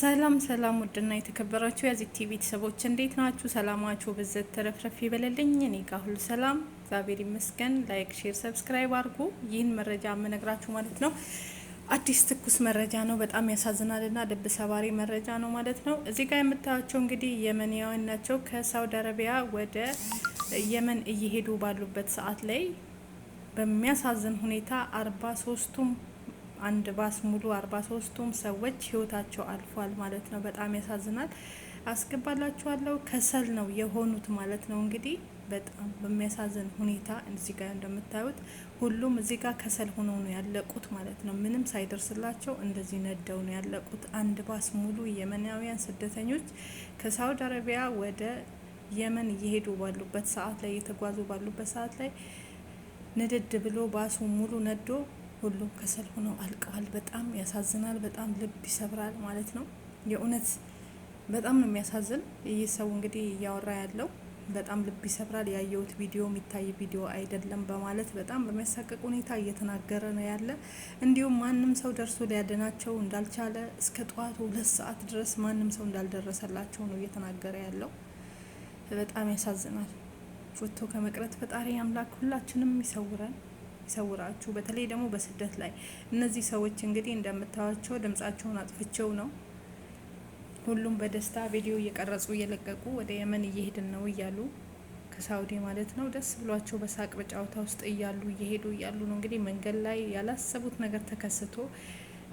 ሰላም ሰላም፣ ውድና የተከበራችሁ የዚህ ቲቪ ቤተሰቦች እንዴት ናችሁ? ሰላማችሁ ብዘት ተረፍረፍ ይበለልኝ። እኔ ጋር ሁሉ ሰላም እግዚአብሔር ይመስገን። ላይክ፣ ሼር፣ ሰብስክራይብ አድርጉ። ይህን መረጃ የምነግራችሁ ማለት ነው አዲስ ትኩስ መረጃ ነው። በጣም ያሳዝናልና ልብ ሰባሪ መረጃ ነው ማለት ነው። እዚህ ጋር የምታያቸው እንግዲህ የመንያውያን ናቸው። ከሳውዲ አረቢያ ወደ የመን እየሄዱ ባሉበት ሰዓት ላይ በሚያሳዝን ሁኔታ አርባ ሶስቱም አንድ ባስ ሙሉ አርባ ሶስቱም ሰዎች ህይወታቸው አልፏል ማለት ነው። በጣም ያሳዝናል። አስገባላችኋለሁ። ከሰል ነው የሆኑት ማለት ነው። እንግዲህ በጣም በሚያሳዝን ሁኔታ እዚህ ጋር እንደምታዩት ሁሉም እዚህ ጋር ከሰል ሆነው ነው ያለቁት ማለት ነው። ምንም ሳይደርስላቸው እንደዚህ ነደው ነው ያለቁት። አንድ ባስ ሙሉ የመናውያን ስደተኞች ከሳውዲ አረቢያ ወደ የመን እየሄዱ ባሉበት ሰዓት ላይ እየተጓዙ ባሉበት ሰዓት ላይ ንድድ ብሎ ባሱ ሙሉ ነዶ ሁሉም ከሰል ሆነው አልቀዋል። በጣም ያሳዝናል። በጣም ልብ ይሰብራል ማለት ነው። የእውነት በጣም ነው የሚያሳዝን። ይህ ሰው እንግዲህ እያወራ ያለው በጣም ልብ ይሰብራል። ያየሁት ቪዲዮ የሚታይ ቪዲዮ አይደለም በማለት በጣም በሚያሳቅቅ ሁኔታ እየተናገረ ነው ያለ። እንዲሁም ማንም ሰው ደርሶ ሊያድናቸው እንዳልቻለ እስከ ጠዋቱ ሁለት ሰዓት ድረስ ማንም ሰው እንዳልደረሰላቸው ነው እየተናገረ ያለው። በጣም ያሳዝናል። ወጥቶ ከመቅረት ፈጣሪ አምላክ ሁላችንም ይሰውረን። ይሰውራችሁ። በተለይ ደግሞ በስደት ላይ እነዚህ ሰዎች እንግዲህ እንደምታዩቸው ድምጻቸውን አጥፍቸው ነው። ሁሉም በደስታ ቪዲዮ እየቀረጹ እየለቀቁ ወደ የመን እየሄድን ነው እያሉ ከሳውዲ ማለት ነው። ደስ ብሏቸው በሳቅ በጨዋታ ውስጥ እያሉ እየሄዱ እያሉ ነው እንግዲህ መንገድ ላይ ያላሰቡት ነገር ተከስቶ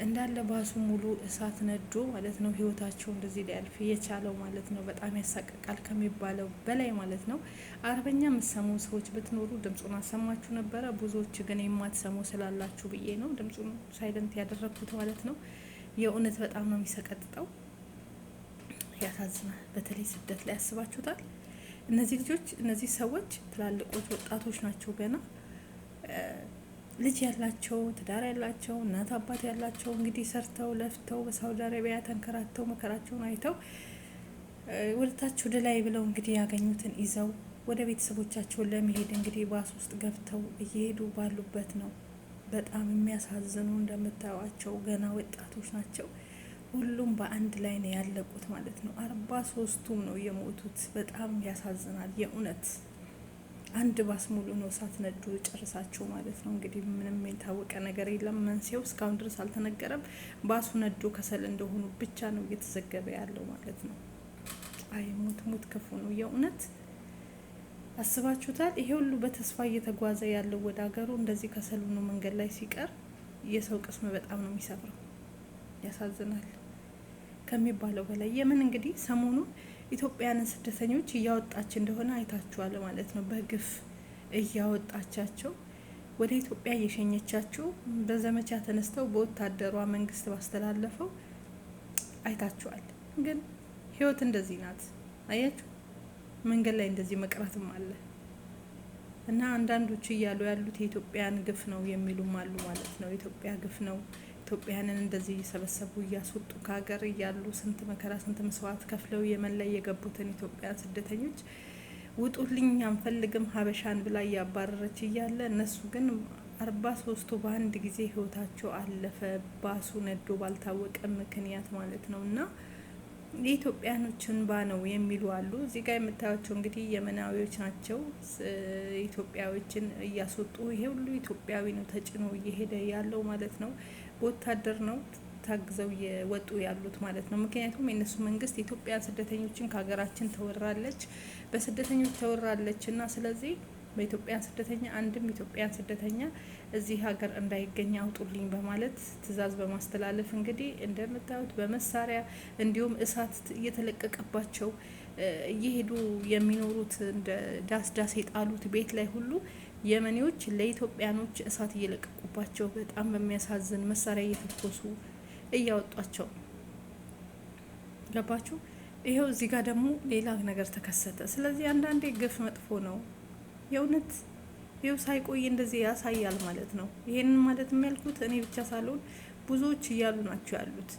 እንዳለ ባሱ ሙሉ እሳት ነዶ ማለት ነው። ህይወታቸው እንደዚህ ሊያልፍ የቻለው ማለት ነው። በጣም ያሳቀቃል ከሚባለው በላይ ማለት ነው። አርበኛ የምትሰሙ ሰዎች ብትኖሩ ድምፁን አሰማችሁ ነበረ። ብዙዎች ግን የማትሰሙ ስላላችሁ ብዬ ነው ድምፁን ሳይለንት ያደረግኩት ማለት ነው። የእውነት በጣም ነው የሚሰቀጥጠው። ያሳዝናል። በተለይ ስደት ላይ ያስባችሁታል። እነዚህ ልጆች እነዚህ ሰዎች ትላልቆች ወጣቶች ናቸው ገና ልጅ ያላቸው ትዳር ያላቸው እናት አባት ያላቸው እንግዲህ ሰርተው ለፍተው በሳውዲ አረቢያ ተንከራተው መከራቸውን አይተው ወደታች ወደ ላይ ብለው እንግዲህ ያገኙትን ይዘው ወደ ቤተሰቦቻቸውን ለመሄድ እንግዲህ ባስ ውስጥ ገብተው እየሄዱ ባሉበት ነው። በጣም የሚያሳዝኑ እንደምታዩቸው ገና ወጣቶች ናቸው። ሁሉም በአንድ ላይ ነው ያለቁት ማለት ነው። አርባ ሶስቱም ነው የሞቱት። በጣም ያሳዝናል የእውነት አንድ ባስ ሙሉ ነው ሳትነዱ ጨርሳችሁ ማለት ነው። እንግዲህ ምንም የታወቀ ነገር የለም። መንስኤው እስካሁን ድረስ አልተነገረም። ባሱ ነዶ ከሰል እንደሆኑ ብቻ ነው እየተዘገበ ያለው ማለት ነው። አይ ሙት ሙት ክፉ ነው የእውነት አስባችሁታል። ይሄ ሁሉ በተስፋ እየተጓዘ ያለው ወደ ሀገሩ እንደዚህ ከሰል ሆኖ መንገድ ላይ ሲቀር የሰው ቅስም በጣም ነው የሚሰብረው። ያሳዝናል ከሚባለው በላይ የምን እንግዲህ ሰሞኑን ኢትዮጵያውያንን ስደተኞች እያወጣች እንደሆነ አይታችኋል ማለት ነው። በግፍ እያወጣቻቸው ወደ ኢትዮጵያ እየሸኘቻቸው በዘመቻ ተነስተው በወታደሯ መንግስት ባስተላለፈው አይታችኋል። ግን ህይወት እንደዚህ ናት። አያችሁ መንገድ ላይ እንደዚህ መቅረትም አለ እና አንዳንዶች እያሉ ያሉት የኢትዮጵያን ግፍ ነው የሚሉም አሉ ማለት ነው። ኢትዮጵያ ግፍ ነው ኢትዮጵያውያንን እንደዚህ እየሰበሰቡ እያስወጡ ከሀገር እያሉ ስንት መከራ ስንት መስዋዕት ከፍለው የመን ላይ የገቡትን ኢትዮጵያ ስደተኞች ውጡልኝ አንፈልግም ሀበሻን ብላ እያባረረች እያለ እነሱ ግን አርባ ሶስቱ በአንድ ጊዜ ህይወታቸው አለፈ። ባሱ ነዶ ባልታወቀ ምክንያት ማለት ነው እና የኢትዮጵያኖች እንባ ነው የሚሉ አሉ። እዚህ ጋር የምታያቸው እንግዲህ የመናዊዎች ናቸው። ኢትዮጵያዎችን እያስወጡ ይሄ ሁሉ ኢትዮጵያዊ ነው ተጭኖ እየሄደ ያለው ማለት ነው። በወታደር ነው ታግዘው እየወጡ ያሉት ማለት ነው። ምክንያቱም የእነሱ መንግስት የኢትዮጵያ ስደተኞችን ከሀገራችን ተወራለች፣ በስደተኞች ተወራለች እና ስለዚህ በኢትዮጵያን ስደተኛ አንድም ኢትዮጵያን ስደተኛ እዚህ ሀገር እንዳይገኝ አውጡልኝ በማለት ትዕዛዝ በማስተላለፍ እንግዲህ እንደምታዩት በመሳሪያ እንዲሁም እሳት እየተለቀቀባቸው እየሄዱ የሚኖሩት እንደ ዳስ ዳስ የጣሉት ቤት ላይ ሁሉ የመኔዎች ለኢትዮጵያኖች እሳት እየለቀቁባቸው በጣም በሚያሳዝን መሳሪያ እየተኮሱ እያወጧቸው ገባችሁ። ይኸው እዚህ ጋር ደግሞ ሌላ ነገር ተከሰተ። ስለዚህ አንዳንዴ ግፍ መጥፎ ነው። የእውነት ይኸው ሳይቆይ እንደዚህ ያሳያል ማለት ነው። ይሄንን ማለት የሚያልኩት እኔ ብቻ ሳልሆን ብዙዎች እያሉ ናቸው ያሉት።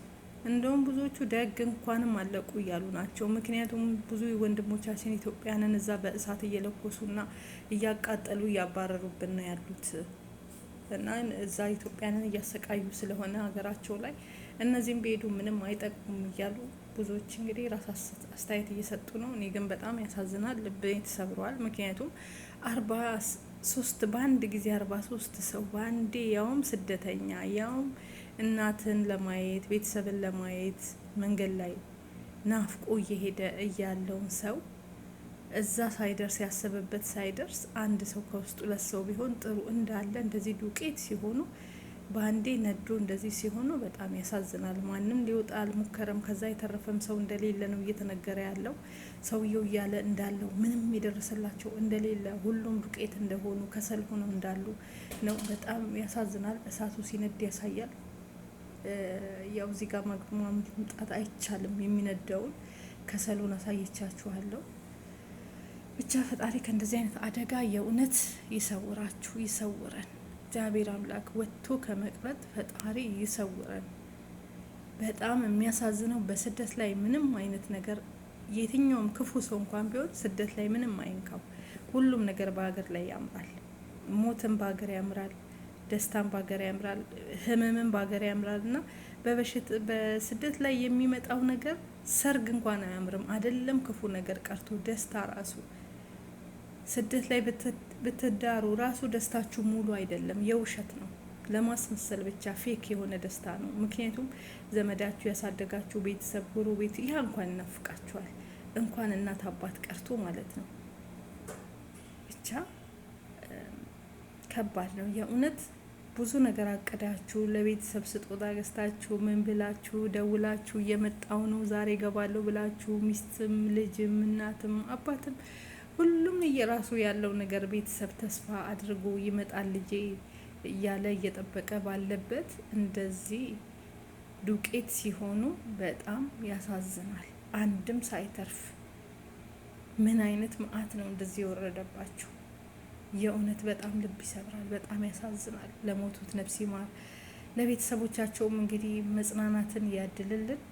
እንደውም ብዙዎቹ ደግ እንኳንም አለቁ እያሉ ናቸው። ምክንያቱም ብዙ ወንድሞቻችን ኢትዮጵያንን እዛ በእሳት እየለኮሱና እያቃጠሉ እያባረሩብን ነው ያሉት እና እዛ ኢትዮጵያንን እያሰቃዩ ስለሆነ ሀገራቸው ላይ እነዚህም ቢሄዱ ምንም አይጠቅሙም እያሉ ብዙዎች እንግዲህ ራስ አስተያየት እየሰጡ ነው። እኔ ግን በጣም ያሳዝናል፣ ልብ ተሰብረዋል። ምክንያቱም አርባ ሶስት በአንድ ጊዜ አርባ ሶስት ሰው በአንዴ ያውም ስደተኛ ያውም እናትን ለማየት ቤተሰብን ለማየት መንገድ ላይ ናፍቆ እየሄደ እያለውን ሰው እዛ ሳይደርስ ያሰበበት ሳይደርስ አንድ ሰው ከውስጥ ሁለት ሰው ቢሆን ጥሩ እንዳለ እንደዚህ ዱቄት ሲሆኑ በአንዴ ነዶ እንደዚህ ሲሆኑ በጣም ያሳዝናል። ማንም ሊወጣ አልሞከረም። ከዛ የተረፈም ሰው እንደሌለ ነው እየተነገረ ያለው። ሰውየው እያለ እንዳለው ምንም የደረሰላቸው እንደሌለ፣ ሁሉም ዱቄት እንደሆኑ ከሰል ሆነው እንዳሉ ነው። በጣም ያሳዝናል። እሳቱ ሲነድ ያሳያል። ያው እዚህ ጋር ማምጣት አይቻልም። የሚነደውን ከሰሉን አሳይቻችኋለሁ። ብቻ ፈጣሪ ከእንደዚህ አይነት አደጋ የእውነት ይሰውራችሁ፣ ይሰውረን። እግዚአብሔር አምላክ ወጥቶ ከመቅረት ፈጣሪ ይሰውረን። በጣም የሚያሳዝነው በስደት ላይ ምንም አይነት ነገር የትኛውም ክፉ ሰው እንኳን ቢሆን ስደት ላይ ምንም አይንካው። ሁሉም ነገር በሀገር ላይ ያምራል። ሞትም በሀገር ያምራል፣ ደስታም በሀገር ያምራል፣ ህመምን በሀገር ያምራል እና በስደት ላይ የሚመጣው ነገር ሰርግ እንኳን አያምርም። አይደለም ክፉ ነገር ቀርቶ ደስታ ራሱ ስደት ላይ ብትዳሩ ራሱ ደስታችሁ ሙሉ አይደለም፣ የውሸት ነው። ለማስመሰል ብቻ ፌክ የሆነ ደስታ ነው። ምክንያቱም ዘመዳችሁ፣ ያሳደጋችሁ ቤተሰብ፣ ጎረቤት ያ እንኳን ይናፍቃችኋል፣ እንኳን እናት አባት ቀርቶ ማለት ነው። ብቻ ከባድ ነው የእውነት ብዙ ነገር አቅዳችሁ ለቤተሰብ ስጦታ ገዝታችሁ ምን ብላችሁ ደውላችሁ እየመጣው ነው ዛሬ ገባለሁ ብላችሁ ሚስትም ልጅም እናትም አባትም ሁሉም እየራሱ ያለው ነገር ቤተሰብ ተስፋ አድርጎ ይመጣል ልጄ እያለ እየጠበቀ ባለበት እንደዚህ ዱቄት ሲሆኑ በጣም ያሳዝናል። አንድም ሳይተርፍ ምን አይነት መዓት ነው እንደዚህ የወረደባቸው? የእውነት በጣም ልብ ይሰብራል። በጣም ያሳዝናል። ለሞቱት ነፍስ ይማር። ለቤተሰቦቻቸውም እንግዲህ መጽናናትን ያድልልን።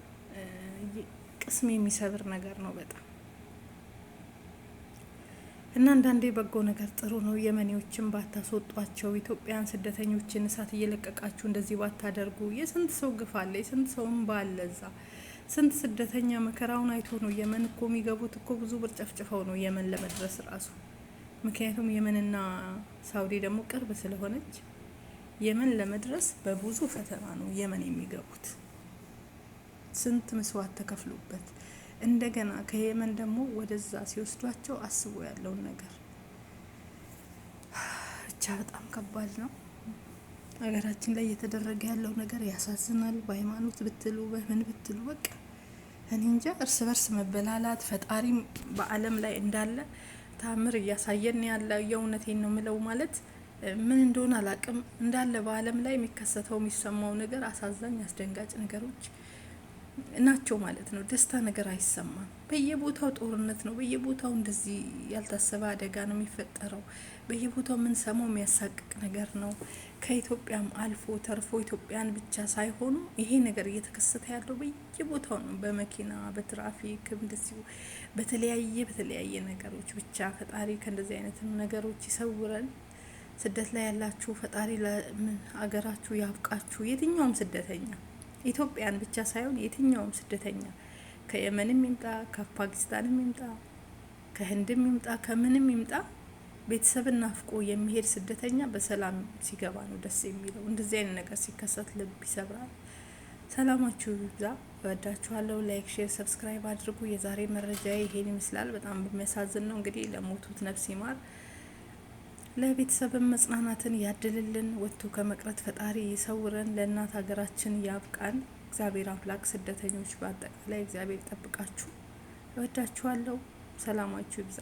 ቅስም የሚሰብር ነገር ነው በጣም እና አንዳንዴ በጎ ነገር ጥሩ ነው። የመኔዎችን ባታስወጧቸው፣ ኢትዮጵያን ስደተኞችን እሳት እየለቀቃችሁ እንደዚህ ባታደርጉ። የስንት ሰው ግፍ አለ፣ የስንት ሰው እምባ አለ። እዛ ስንት ስደተኛ መከራውን አይቶ ነው የመን እኮ የሚገቡት እኮ ብዙ ብር ጨፍጭፈው ነው የመን ለመድረስ ራሱ። ምክንያቱም የመንና ሳውዲ ደግሞ ቅርብ ስለሆነች የመን ለመድረስ በብዙ ፈተና ነው የመን የሚገቡት። ስንት መስዋዕት ተከፍሎበት እንደገና ከየመን ደግሞ ወደዛ ሲወስዷቸው አስቦ ያለውን ነገር ብቻ በጣም ከባድ ነው። ሀገራችን ላይ እየተደረገ ያለው ነገር ያሳዝናል። በሃይማኖት ብትሉ በምን ብትሉ በቃ እኔ እንጃ። እርስ በርስ መበላላት ፈጣሪም በዓለም ላይ እንዳለ ታምር እያሳየን ያለ የእውነቴን ነው ምለው ማለት ምን እንደሆነ አላቅም። እንዳለ በዓለም ላይ የሚከሰተው የሚሰማው ነገር አሳዛኝ፣ አስደንጋጭ ነገሮች ናቸው ማለት ነው። ደስታ ነገር አይሰማም። በየቦታው ጦርነት ነው። በየቦታው እንደዚህ ያልታሰበ አደጋ ነው የሚፈጠረው። በየቦታው የምንሰማው የሚያሳቅቅ ነገር ነው። ከኢትዮጵያም አልፎ ተርፎ ኢትዮጵያን ብቻ ሳይሆኑ ይሄ ነገር እየተከሰተ ያለው በየቦታው ነው። በመኪና በትራፊክ እንደዚሁ በተለያየ በተለያየ ነገሮች ብቻ ፈጣሪ ከእንደዚህ አይነት ነገሮች ይሰውረን። ስደት ላይ ያላችሁ ፈጣሪ ለምን አገራችሁ ያብቃችሁ። የትኛውም ስደተኛ ኢትዮጵያን ብቻ ሳይሆን የትኛውም ስደተኛ ከየመንም ይምጣ፣ ከፓኪስታንም ይምጣ፣ ከህንድም ይምጣ፣ ከምንም ይምጣ ቤተሰብን ናፍቆ የሚሄድ ስደተኛ በሰላም ሲገባ ነው ደስ የሚለው። እንደዚህ አይነት ነገር ሲከሰት ልብ ይሰብራል። ሰላማችሁ ይብዛ። እወዳችኋለሁ። ላይክ፣ ሼር፣ ሰብስክራይብ አድርጉ። የዛሬ መረጃ ይሄን ይመስላል። በጣም በሚያሳዝን ነው እንግዲህ ለሞቱት ነፍስ ይማር። ለቤተሰብን መጽናናትን ያድልልን። ወጥቶ ከመቅረት ፈጣሪ ይሰውረን። ለእናት ሀገራችን ያብቃን። እግዚአብሔር አምላክ ስደተኞች በአጠቃላይ እግዚአብሔር ይጠብቃችሁ። እወዳችኋለሁ። ሰላማችሁ ይብዛ።